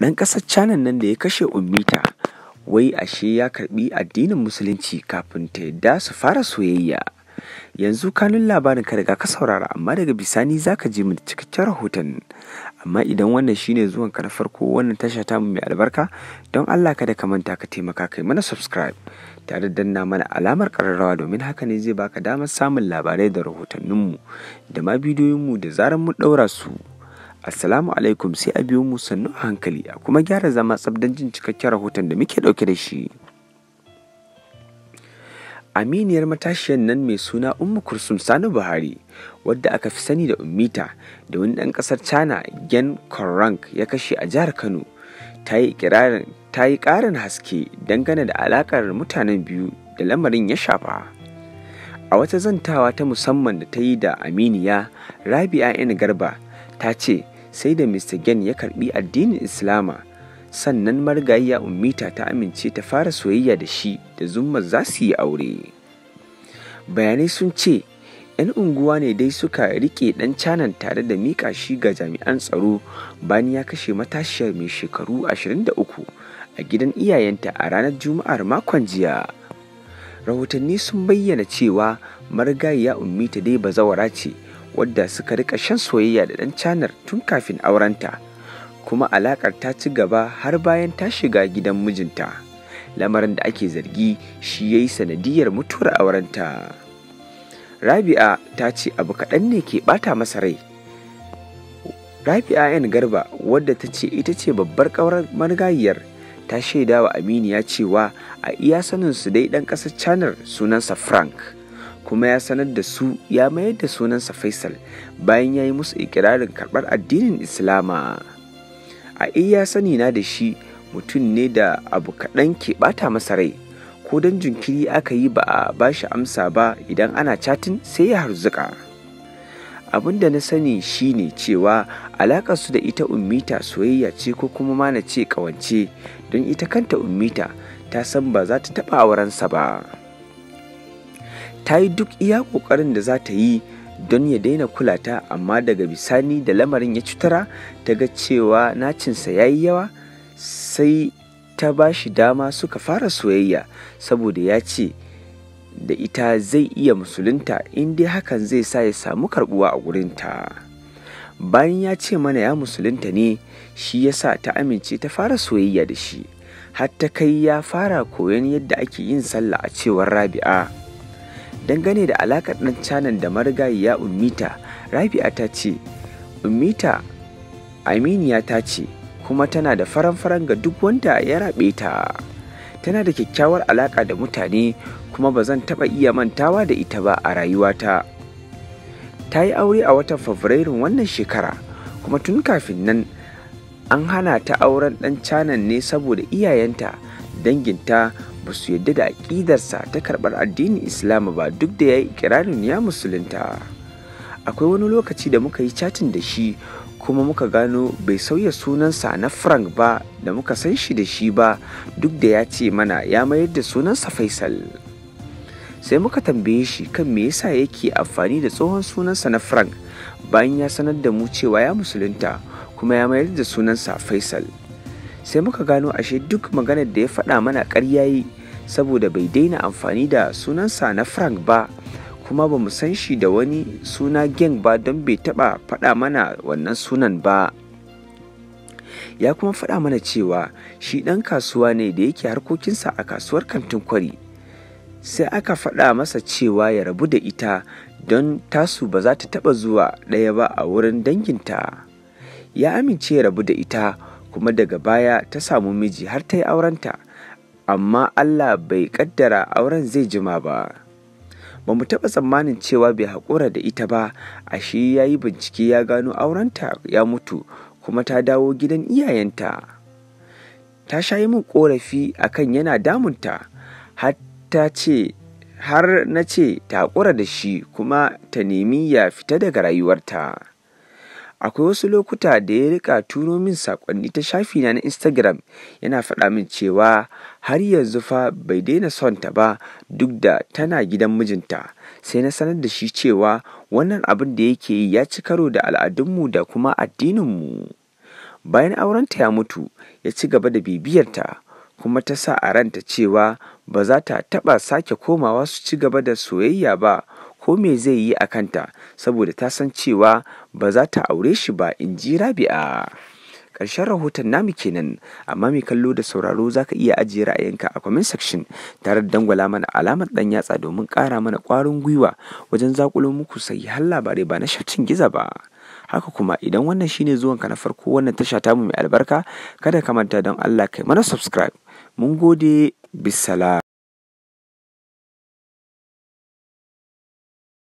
ɗan ƙasar canan nan da ya kashe ummita wai ashe ya karbi addinin musulunci kafin ta yadda su fara soyayya yanzu kanun labarin ka daga ka saurara amma daga bisani za ka je mu cikakken rahoton amma idan wannan shine zuwan ka na farko wannan tasha ta mu mai albarka don Allah kada ka manta ka taimaka kai mana subscribe tare da danna mana alamar kararrawa domin haka ne zai baka damar samun labarai da rahotanninmu da ma bidiyoyinmu da zarar mu ɗaura su Assalamu alaikum sai a biyo mu sannu a hankali a kuma gyara zama tsabdan jin cikakken rahoton da muke ɗauke da shi. Aminiyar matashiyar nan mai suna Ummu Kursum Sani Buhari wadda aka fi sani da Ummita da wani ɗan ƙasar China Gen Korank ya kashe a jihar Kano ta yi ƙarin haske dangane da alaƙar mutanen biyu da lamarin ya shafa. A wata zantawa ta musamman da ta yi da Aminiya Rabi'a N Garba ta ce sai da Mr. Gen ya karbi addinin Islama sannan margayya ummita ta amince ta fara soyayya da shi da zumma za su yi aure. Bayanai sun ce, ‘yan unguwa ne dai suka rike ɗan canan tare da miƙa shi ga jami'an tsaro bayan ya kashe matashiyar mai shekaru 23 a gidan iyayenta a ranar Juma'ar makon jiya. Rahotanni sun bayyana cewa margayya ummita dai bazawara ce. wadda suka rika shan soyayya da ɗan canar tun kafin aurenta kuma alaƙar ta ci gaba har bayan ta shiga gidan mijinta lamarin da ake zargi shi ya yi sanadiyar mutuwar aurenta rabi'a ta ce abu kaɗan ne ke ɓata masa rai rabi'a yan garba wadda ta ce ita ce babbar ƙaurar marigayiyar ta shaidawa aminiya cewa a iya su dai ɗan ƙasar canar sunansa frank kuma ya sanar da su ya mayar da sunansa faisal bayan ya yi musu ikirarin karɓar addinin islama a iya sani na da shi mutum ne da abu kaɗan ke ɓata masa rai ko don jinkiri aka yi ba a ba shi amsa ba idan ana catin sai ya harzuka abin da na sani shi ne cewa su da ita ummita soyayya ce ko kuma ma na ce ƙawance don ita kanta ummita ta san ba za ta taɓa aurensa ba. ta yi duk iya ƙoƙarin da za ta yi don ya daina kulata amma daga bisani da lamarin ya cutara ta ga cewa nacinsa ya yi yawa sai ta ba shi dama suka fara soyayya saboda ya ce da ita zai iya musulunta inda hakan zai sa ya samu karbuwa a gurinta bayan ya ce mana ya musulunta ne shi ya sa ta amince ta fara soyayya da shi har kai ya fara koyon yadda ake yin sallah a cewar rabi'a dangane da alakar ɗan canan da marigayiya umita rabi'a ta ce ummita aminiya ta ce kuma tana da faran-faran ga duk wanda ya rabe ta tana da kyakkyawar alaƙa da mutane kuma ba zan taɓa iya mantawa da ita ba a rayuwata ta yi aure a watan fabrairun wannan shekara kuma tun kafin nan an hana ta auren ɗan canan ne saboda iyayenta danginta ba su yadda da aƙidarsa ta karɓar addinin islamu ba duk da ya yi ikirarin ya musulunta akwai wani lokaci da muka yi catin da shi kuma muka gano bai sauya sunansa na frank ba da muka san shi da shi ba duk da ya ce mana ya mayar da sunansa faisal sai muka tambaye shi kan me yasa yake amfani da tsohon sunansa na frank bayan ya sanar da mu cewa ya musulunta kuma ya mayar da sunansa faisal sai muka gano ashe duk maganar da ya faɗa mana ƙarya yi saboda bai daina amfani da sunansa na frank ba kuma ba mu san shi da wani suna gang ba don bai taba faɗa mana wannan sunan ba ya kuma faɗa mana cewa shi ɗan kasuwa ne da yake harkokinsa a kasuwar kantin kwari sai aka faɗa masa cewa ya rabu da ita don tasu ba za ta taɓa zuwa ɗaya ba a wurin danginta ya amince ya rabu da ita kuma daga baya ta samu miji har ta yi aurenta amma Allah bai kaddara auren zai jima ba. Ba mu taɓa tsammanin cewa bai haƙura da ita ba, a shi ya yi bincike ya gano aurenta ya mutu kuma ta dawo gidan iyayenta. Ta sha yi min ƙorafi a kan yana damunta, har har na ce ta haƙura da shi kuma ta nemi ya fita daga rayuwarta. Akwai wasu lokuta da ya rika turo min saƙonni ta shafina na Instagram yana faɗa min cewa har yanzu fa bai daina son ta ba duk da tana gidan mijinta. Sai na sanar da shi cewa wannan abin da yake yi ya ci karo da al'adunmu da kuma addininmu. Bayan aurenta ya mutu, ya ci gaba da bibiyarta. kuma ta sa a ranta cewa ba za ta taɓa sake komawa su ci gaba da soyayya ba ko me zai yi a kanta saboda ta san cewa ba za ta aure shi ba in ji rabi'a ƙarshen rahoton namu kenan amma mai kallo da sauraro za ka iya ajiye ra'ayinka a comment section tare da dangwala mana alamar dan yatsa domin ƙara mana ƙwarin gwiwa wajen zaƙulo muku har labarai ba na shafin giza ba haka kuma idan wannan shine zuwanka na farko wannan tasha mu mai albarka kada ka manta don allah kai mana subscribe Mun gode, bisalam.